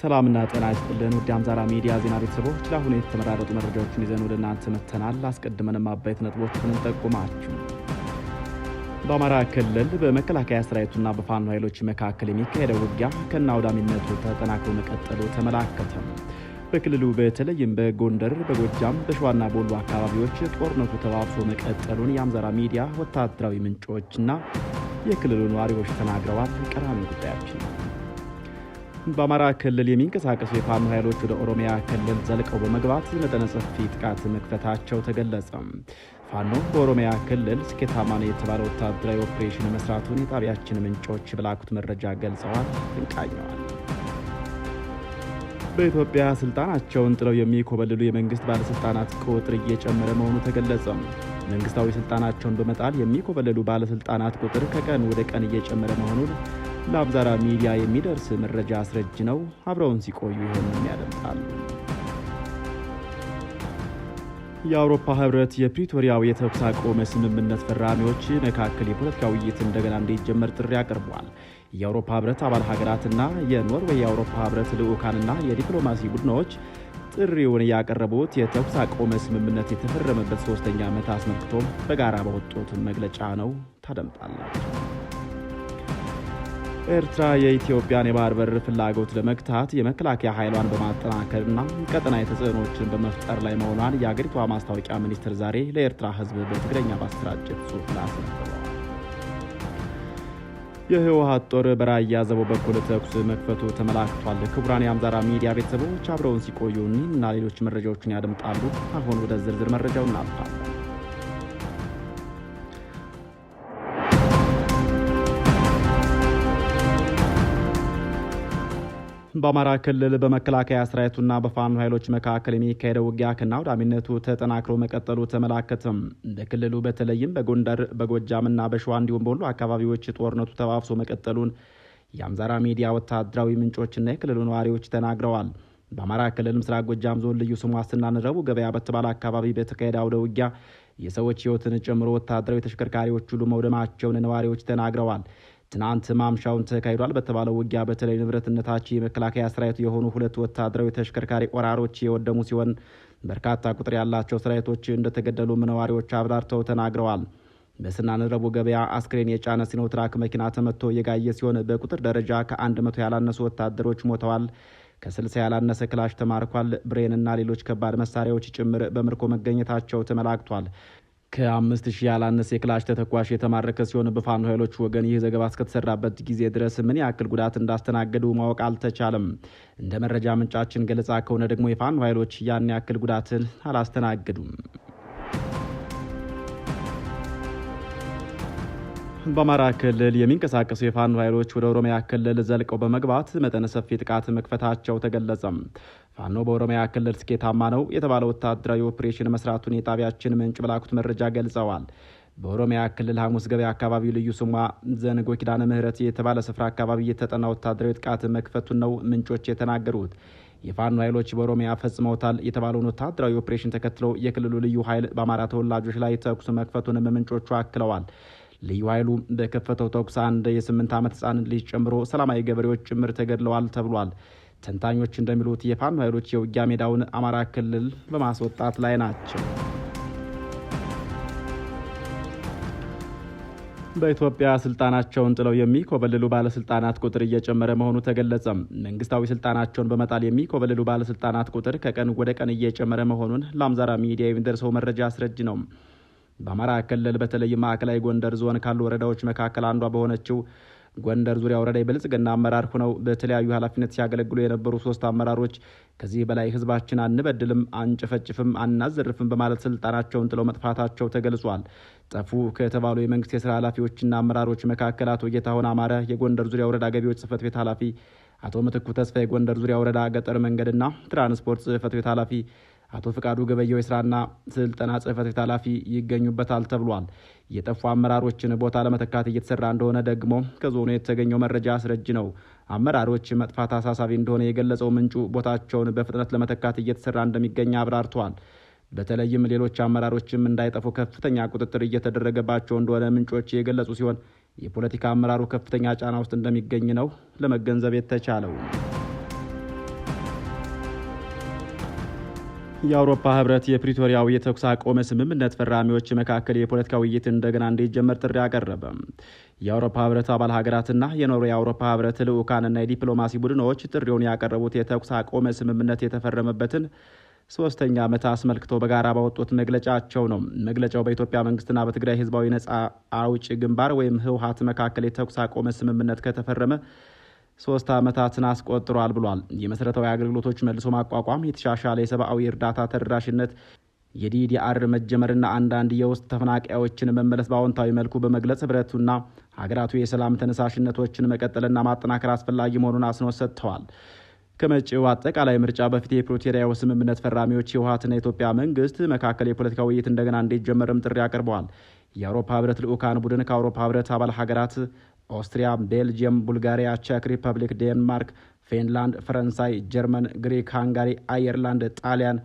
ሰላምና ጤና ይስጥልን ውድ አምዛራ ሚዲያ ዜና ቤተሰቦች፣ ለአሁኑ የተመራረጡ መረጃዎችን ይዘን ወደ እናንተ መጥተናል። አስቀድመንም አበይት ነጥቦችን እንጠቁማችሁ። በአማራ ክልል በመከላከያ ሰራዊቱና በፋኖ ኃይሎች መካከል የሚካሄደው ውጊያ ከነአውዳሚነቱ ተጠናክሮ መቀጠሉ ተመላከተ። በክልሉ በተለይም በጎንደር፣ በጎጃም፣ በሸዋና በወሎ አካባቢዎች ጦርነቱ ተባብሶ መቀጠሉን የአምዛራ ሚዲያ ወታደራዊ ምንጮችና የክልሉ ነዋሪዎች ተናግረዋል። ቀዳሚ ጉዳያችን ነው። በአማራ ክልል የሚንቀሳቀሱ የፋኖ ኃይሎች ወደ ኦሮሚያ ክልል ዘልቀው በመግባት መጠነ ሰፊ ጥቃት መክፈታቸው ተገለጸ። ፋኖ በኦሮሚያ ክልል ስኬታማ ነው የተባለ ወታደራዊ ኦፕሬሽን መስራቱን የጣቢያችን ምንጮች በላኩት መረጃ ገልጸዋል። እንቃኘዋል። በኢትዮጵያ ስልጣናቸውን ጥለው የሚኮበልሉ የመንግስት ባለስልጣናት ቁጥር እየጨመረ መሆኑ ተገለጸ። መንግስታዊ ስልጣናቸውን በመጣል የሚኮበልሉ ባለስልጣናት ቁጥር ከቀን ወደ ቀን እየጨመረ መሆኑን ለአብዛራ ሚዲያ የሚደርስ መረጃ አስረጅ ነው። አብረውን ሲቆዩ ይሆንም ያደምጣሉ። የአውሮፓ ህብረት የፕሪቶሪያው የተኩስ አቆመ ስምምነት ፈራሚዎች መካከል የፖለቲካ ውይይት እንደገና እንዲጀመር ጥሪ አቅርቧል። የአውሮፓ ህብረት አባል ሀገራትና የኖርዌይ የአውሮፓ ህብረት ልዑካንና የዲፕሎማሲ ቡድኖች ጥሪውን ያቀረቡት የተኩስ አቆመ ስምምነት የተፈረመበት ሶስተኛ ዓመት አስመልክቶም በጋራ በወጡት መግለጫ ነው። ታደምጣላቸው። ኤርትራ የኢትዮጵያን የባህር በር ፍላጎት ለመግታት የመከላከያ ኃይሏን በማጠናከርና ቀጠናዊ ተጽዕኖችን በመፍጠር ላይ መሆኗን የአገሪቷ ማስታወቂያ ሚኒስትር ዛሬ ለኤርትራ ሕዝብ በትግረኛ ባሰራጨው ጽሑፍ ላይ የህወሀት ጦር በራያ ዘቦ በኩል ተኩስ መክፈቱ ተመላክቷል። ክቡራን የአምዛራ ሚዲያ ቤተሰቦች አብረውን ሲቆዩ እና ሌሎች መረጃዎችን ያደምጣሉ። አሁን ወደ ዝርዝር መረጃው እናልፋለን። በአማራ ክልል በመከላከያ ሰራዊቱና በፋኖ ኃይሎች መካከል የሚካሄደው ውጊያ ውዳሚነቱ ተጠናክሮ መቀጠሉ ተመላከተም። በክልሉ በተለይም በጎንደር በጎጃምና በሸዋ እንዲሁም በሁሉ አካባቢዎች ጦርነቱ ተባብሶ መቀጠሉን የአምዛራ ሚዲያ ወታደራዊ ምንጮችና የክልሉ ነዋሪዎች ተናግረዋል። በአማራ ክልል ምስራቅ ጎጃም ዞን ልዩ ስሙ ዋስትና ንረቡ ገበያ በተባለ አካባቢ በተካሄደ አውደ ውጊያ የሰዎች ሕይወትን ጨምሮ ወታደራዊ ተሽከርካሪዎች ሁሉ መውደማቸውን ነዋሪዎች ተናግረዋል። ትናንት ማምሻውን ተካሂዷል በተባለው ውጊያ በተለይ ንብረትነታቸው የመከላከያ ሰራዊት የሆኑ ሁለት ወታደራዊ ተሽከርካሪ ቆራሮች የወደሙ ሲሆን በርካታ ቁጥር ያላቸው ሰራዊቶች እንደተገደሉም ነዋሪዎች አብራርተው ተናግረዋል። በስናን ገበያ አስክሬን የጫነ ሲኖትራክ መኪና ተመቶ የጋየ ሲሆን በቁጥር ደረጃ ከ100 ያላነሱ ወታደሮች ሞተዋል። ከ60 ያላነሰ ክላሽ ተማርኳል። ብሬንና ሌሎች ከባድ መሳሪያዎች ጭምር በምርኮ መገኘታቸው ተመላክቷል። ከአምስት ሺህ ያላነሰ የክላሽ ተተኳሽ የተማረከ ሲሆን በፋኖ ኃይሎች ወገን ይህ ዘገባ እስከተሰራበት ጊዜ ድረስ ምን ያክል ጉዳት እንዳስተናገዱ ማወቅ አልተቻለም። እንደ መረጃ ምንጫችን ገለጻ ከሆነ ደግሞ የፋኖ ኃይሎች ያን ያክል ጉዳትን አላስተናገዱም። በአማራ ክልል የሚንቀሳቀሱ የፋኖ ኃይሎች ወደ ኦሮሚያ ክልል ዘልቀው በመግባት መጠነ ሰፊ ጥቃት መክፈታቸው ተገለጸም። ፋኖ በኦሮሚያ ክልል ስኬታማ ነው የተባለ ወታደራዊ ኦፕሬሽን መስራቱን የጣቢያችን ምንጭ በላኩት መረጃ ገልጸዋል። በኦሮሚያ ክልል ሐሙስ ገበያ አካባቢ ልዩ ስሟ ዘንጎ ኪዳነ ምህረት የተባለ ስፍራ አካባቢ የተጠና ወታደራዊ ጥቃት መክፈቱን ነው ምንጮች የተናገሩት። የፋኖ ኃይሎች በኦሮሚያ ፈጽመውታል የተባለውን ወታደራዊ ኦፕሬሽን ተከትለው የክልሉ ልዩ ኃይል በአማራ ተወላጆች ላይ ተኩስ መክፈቱንም ምንጮቹ አክለዋል። ልዩ ኃይሉ በከፈተው ተኩስ አንድ የስምንት ዓመት ህፃን ልጅ ጨምሮ ሰላማዊ ገበሬዎች ጭምር ተገድለዋል ተብሏል። ተንታኞች እንደሚሉት የፋኖ ኃይሎች የውጊያ ሜዳውን አማራ ክልል በማስወጣት ላይ ናቸው። በኢትዮጵያ ስልጣናቸውን ጥለው የሚኮበልሉ ባለስልጣናት ቁጥር እየጨመረ መሆኑ ተገለጸም። መንግስታዊ ስልጣናቸውን በመጣል የሚኮበልሉ ባለስልጣናት ቁጥር ከቀን ወደ ቀን እየጨመረ መሆኑን ለአምዛራ ሚዲያ የሚደርሰው መረጃ አስረጅ ነው። በአማራ ክልል በተለይ ማዕከላዊ ጎንደር ዞን ካሉ ወረዳዎች መካከል አንዷ በሆነችው ጎንደር ዙሪያ ወረዳ የብልጽግና አመራር ሆነው በተለያዩ ኃላፊነት ሲያገለግሉ የነበሩ ሶስት አመራሮች ከዚህ በላይ ህዝባችን አንበድልም፣ አንጨፈጭፍም፣ አናዘርፍም በማለት ስልጣናቸውን ጥለው መጥፋታቸው ተገልጿል። ጠፉ ከተባሉ የመንግስት የስራ ኃላፊዎችና አመራሮች መካከል አቶ ጌታሁን አማረ የጎንደር ዙሪያ ወረዳ ገቢዎች ጽህፈት ቤት ኃላፊ፣ አቶ ምትኩ ተስፋ የጎንደር ዙሪያ ወረዳ ገጠር መንገድና ትራንስፖርት ጽህፈት ቤት ኃላፊ አቶ ፍቃዱ ገበየው የስራና ስልጠና ጽህፈት ቤት ኃላፊ ይገኙበታል ተብሏል። የጠፉ አመራሮችን ቦታ ለመተካት እየተሰራ እንደሆነ ደግሞ ከዞኑ የተገኘው መረጃ አስረጅ ነው። አመራሮች መጥፋት አሳሳቢ እንደሆነ የገለጸው ምንጩ ቦታቸውን በፍጥነት ለመተካት እየተሰራ እንደሚገኝ አብራርተዋል። በተለይም ሌሎች አመራሮችም እንዳይጠፉ ከፍተኛ ቁጥጥር እየተደረገባቸው እንደሆነ ምንጮች የገለጹ ሲሆን የፖለቲካ አመራሩ ከፍተኛ ጫና ውስጥ እንደሚገኝ ነው ለመገንዘብ የተቻለው። የአውሮፓ ህብረት የፕሪቶሪያው የተኩስ አቆመ ስምምነት ፈራሚዎች መካከል የፖለቲካ ውይይት እንደገና እንዲጀመር ጥሪ አቀረበ። የአውሮፓ ህብረት አባል ሀገራትና የኖሩ የአውሮፓ ህብረት ልዑካንና የዲፕሎማሲ ቡድኖች ጥሪውን ያቀረቡት የተኩስ አቆመ ስምምነት የተፈረመበትን ሶስተኛ ዓመት አስመልክቶ በጋራ ባወጡት መግለጫቸው ነው። መግለጫው በኢትዮጵያ መንግስትና በትግራይ ህዝባዊ ነጻ አውጭ ግንባር ወይም ህውሀት መካከል የተኩስ አቆመ ስምምነት ከተፈረመ ሶስት ዓመታትን አስቆጥሯል ብሏል። የመሠረታዊ አገልግሎቶች መልሶ ማቋቋም፣ የተሻሻለ የሰብአዊ እርዳታ ተደራሽነት የዲዲአር መጀመርና አንዳንድ የውስጥ ተፈናቃዮችን መመለስ በአዎንታዊ መልኩ በመግለጽ ህብረቱና ሀገራቱ የሰላም ተነሳሽነቶችን መቀጠልና ማጠናከር አስፈላጊ መሆኑን አጽንኦት ሰጥተዋል። ከመጪው አጠቃላይ ምርጫ በፊት የፕሪቶሪያው ስምምነት ፈራሚዎች የህወሓትና የኢትዮጵያ መንግስት መካከል የፖለቲካ ውይይት እንደገና እንዲጀመርም ጥሪ አቅርበዋል። የአውሮፓ ህብረት ልዑካን ቡድን ከአውሮፓ ህብረት አባል ሀገራት ኦስትሪያ፣ ቤልጅየም፣ ቡልጋሪያ፣ ቼክ ሪፐብሊክ፣ ዴንማርክ፣ ፊንላንድ፣ ፈረንሳይ፣ ጀርመን፣ ግሪክ፣ ሃንጋሪ፣ አየርላንድ፣ ጣሊያን፣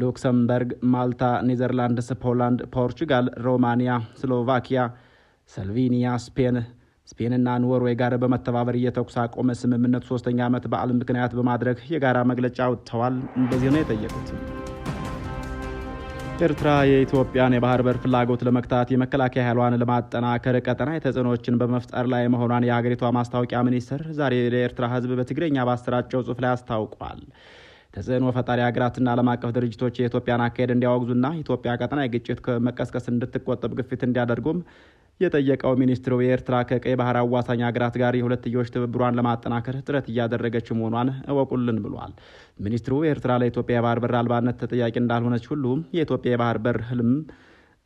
ሉክሰምበርግ፣ ማልታ፣ ኔዘርላንድስ፣ ፖላንድ፣ ፖርቹጋል፣ ሮማኒያ፣ ስሎቫኪያ፣ ሰልቪኒያ፣ ስፔን ስፔንና ኖርዌይ ጋር በመተባበር የተኩስ አቆመ ስምምነቱ ሶስተኛ ዓመት በዓል ምክንያት በማድረግ የጋራ መግለጫ አውጥተዋል። እንደዚህ ነው የጠየቁት። ኤርትራ የኢትዮጵያን የባህር በር ፍላጎት ለመግታት የመከላከያ ኃይሏን ለማጠናከር ቀጠና የተጽዕኖዎችን በመፍጠር ላይ መሆኗን የሀገሪቷ ማስታወቂያ ሚኒስትር ዛሬ ለኤርትራ ሕዝብ በትግረኛ ባሰራጨው ጽሑፍ ላይ አስታውቋል። ተጽዕኖ ፈጣሪ ሀገራትና ዓለም አቀፍ ድርጅቶች የኢትዮጵያን አካሄድ እንዲያወግዙና ኢትዮጵያ ቀጠና የግጭት መቀስቀስ እንድትቆጠብ ግፊት እንዲያደርጉም የጠየቀው ሚኒስትሩ የኤርትራ ከቀይ ባህር አዋሳኝ ሀገራት ጋር የሁለትዮሽ ትብብሯን ለማጠናከር ጥረት እያደረገች መሆኗን እወቁልን ብሏል። ሚኒስትሩ ኤርትራ ለኢትዮጵያ የባህር በር አልባነት ተጠያቂ እንዳልሆነች ሁሉ የኢትዮጵያ የባህር በር ህልም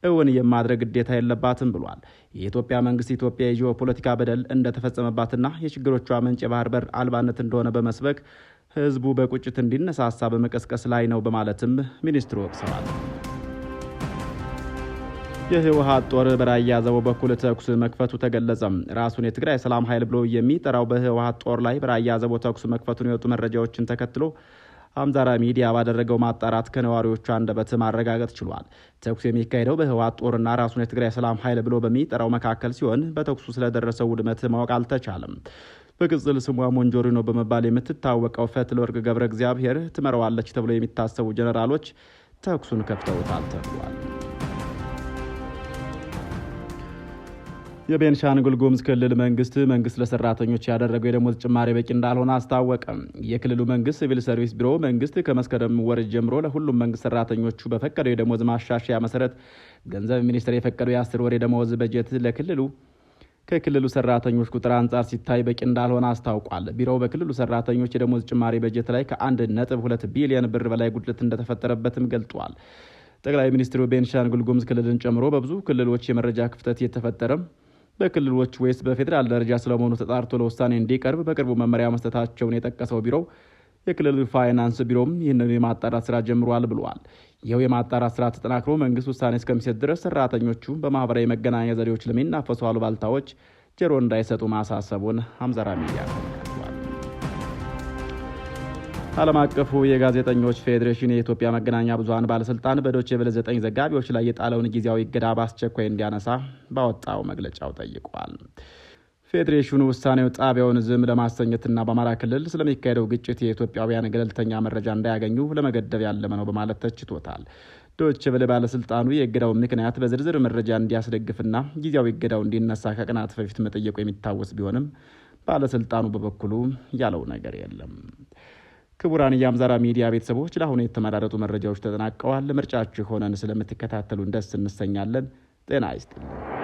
እውን የማድረግ ግዴታ የለባትም ብሏል። የኢትዮጵያ መንግስት ኢትዮጵያ የጂኦ ፖለቲካ በደል እንደተፈጸመባትና የችግሮቿ ምንጭ የባህር በር አልባነት እንደሆነ በመስበክ ህዝቡ በቁጭት እንዲነሳሳ በመቀስቀስ ላይ ነው በማለትም ሚኒስትሩ ወቅሰዋል። የህወሓት ጦር በራያ ዘቦ በኩል ተኩስ መክፈቱ ተገለጸ። ራሱን የትግራይ ሰላም ኃይል ብሎ የሚጠራው በህወሓት ጦር ላይ በራያ ዘቦ ተኩስ መክፈቱን የወጡ መረጃዎችን ተከትሎ አምዛራ ሚዲያ ባደረገው ማጣራት ከነዋሪዎቹ አንደበት ማረጋገጥ ችሏል። ተኩስ የሚካሄደው በህወሓት ጦርና ራሱን የትግራይ ሰላም ኃይል ብሎ በሚጠራው መካከል ሲሆን በተኩሱ ስለደረሰው ውድመት ማወቅ አልተቻለም። በቅጽል ስሟ ሞንጆሪኖ በመባል የምትታወቀው ፈትለወርቅ ገብረ እግዚአብሔር ትመረዋለች ተብሎ የሚታሰቡ ጀነራሎች ተኩሱን ከፍተውታል ተብሏል። የቤንሻንጉል ጉሙዝ ክልል መንግስት መንግስት ለሰራተኞች ያደረገው የደሞዝ ጭማሪ በቂ እንዳልሆነ አስታወቀ። የክልሉ መንግስት ሲቪል ሰርቪስ ቢሮ መንግስት ከመስከረም ወር ጀምሮ ለሁሉም መንግስት ሰራተኞቹ በፈቀደው የደሞዝ ማሻሻያ መሰረት ገንዘብ ሚኒስቴር የፈቀደው የአስር ወር የደሞዝ በጀት ለክልሉ ከክልሉ ሰራተኞች ቁጥር አንጻር ሲታይ በቂ እንዳልሆነ አስታውቋል። ቢሮው በክልሉ ሰራተኞች የደሞዝ ጭማሪ በጀት ላይ ከአንድ ነጥብ ሁለት ቢሊዮን ብር በላይ ጉድለት እንደተፈጠረበትም ገልጧል። ጠቅላይ ሚኒስትሩ ቤንሻንጉል ጉሙዝ ክልልን ጨምሮ በብዙ ክልሎች የመረጃ ክፍተት የተፈጠረም በክልሎች ወይስ በፌዴራል ደረጃ ስለመሆኑ ተጣርቶ ለውሳኔ እንዲቀርብ በቅርቡ መመሪያ መስጠታቸውን የጠቀሰው ቢሮው የክልል ፋይናንስ ቢሮም ይህንን የማጣራት ስራ ጀምሯል ብለዋል። ይኸው የማጣራት ስራ ተጠናክሮ መንግስት ውሳኔ እስከሚሰጥ ድረስ ሰራተኞቹ በማህበራዊ መገናኛ ዘዴዎች ለሚናፈሱ አሉባልታዎች ጆሮ እንዳይሰጡ ማሳሰቡን አምዘራ ሚዲያ ዓለም አቀፉ የጋዜጠኞች ፌዴሬሽን የኢትዮጵያ መገናኛ ብዙሀን ባለስልጣን በዶች ቬለ ዘጠኝ ዘጋቢዎች ላይ የጣለውን ጊዜያዊ እገዳ በአስቸኳይ እንዲያነሳ ባወጣው መግለጫው ጠይቋል። ፌዴሬሽኑ ውሳኔው ጣቢያውን ዝም ለማሰኘትና በአማራ ክልል ስለሚካሄደው ግጭት የኢትዮጵያውያን ገለልተኛ መረጃ እንዳያገኙ ለመገደብ ያለመ ነው በማለት ተችቶታል። ዶች ቬለ ባለስልጣኑ የእገዳው ምክንያት በዝርዝር መረጃ እንዲያስደግፍና ጊዜያዊ እገዳው እንዲነሳ ከቅናት በፊት መጠየቁ የሚታወስ ቢሆንም ባለስልጣኑ በበኩሉ ያለው ነገር የለም። ክቡራን የአምዛራ ሚዲያ ቤተሰቦች ለአሁኑ የተመራረጡ መረጃዎች ተጠናቀዋል። ምርጫችሁ ሆነን ስለምትከታተሉን ደስ እንሰኛለን። ጤና ይስጥልን።